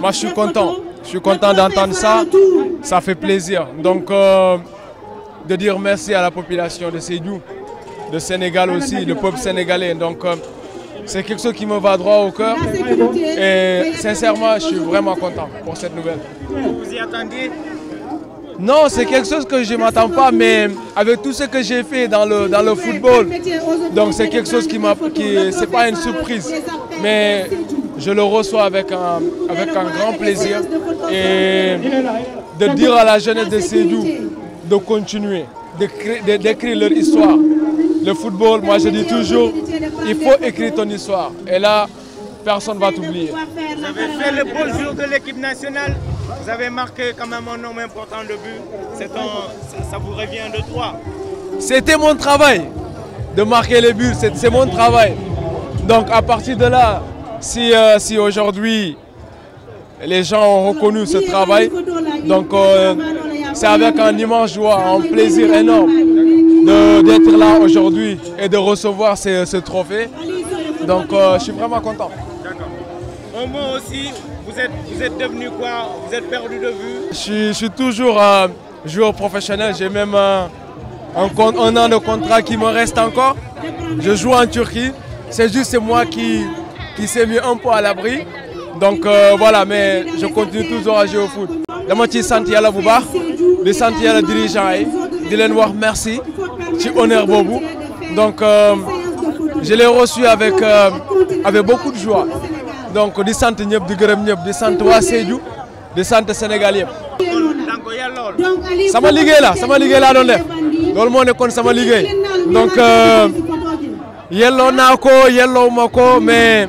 Moi, je suis content. Je suis content d'entendre ça. Ça fait plaisir. Donc, euh, de dire merci à la population de Seydou, de Sénégal aussi, le peuple sénégalais. Donc, euh, c'est quelque chose qui me va droit au cœur. Et sincèrement, je suis vraiment content pour cette nouvelle. Vous y attendiez non, c'est quelque chose que je ne m'attends pas, mais avec tout ce que j'ai fait dans le, dans le football, donc c'est quelque chose qui m'a... qui c'est pas une surprise, mais je le reçois avec un, avec un grand plaisir et de dire à la jeunesse de Sédou de continuer, d'écrire leur histoire. Le football, moi je dis toujours, il faut écrire ton histoire. Et là, personne ne va t'oublier. Vous avez fait le beau jour de l'équipe nationale. Vous avez marqué quand même un nom important de buts. ça vous revient de toi. C'était mon travail de marquer les buts. C'est mon travail. Donc à partir de là, euh, si, aujourd'hui les gens ont reconnu ce travail, donc euh, c'est avec un immense joie, un plaisir énorme d'être là aujourd'hui et de recevoir ce, trophée. Donc euh, je suis vraiment content. En Au aussi, vous êtes, vous devenu quoi Vous êtes perdu de vue Je suis, je suis toujours joueur professionnel, j'ai même un, un an de contrat qui me reste encore. Je joue en Turquie. C'est juste moi qui, qui s'est mis un peu à l'abri. Donc euh, voilà, mais je continue toujours à jouer au foot. La moitié à bu Je di senti à dirigeant merci Tu honneur Bobu. donc euh, je l'ai reçu avec euh, avec beaucoup de joie donc di sant Nyeb, di gërëm ñëpp di Ça di ligué Sénégal suis sama la sama monde la. donc euh, mais.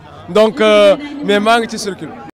donc euh, mais maa ngi ci circuit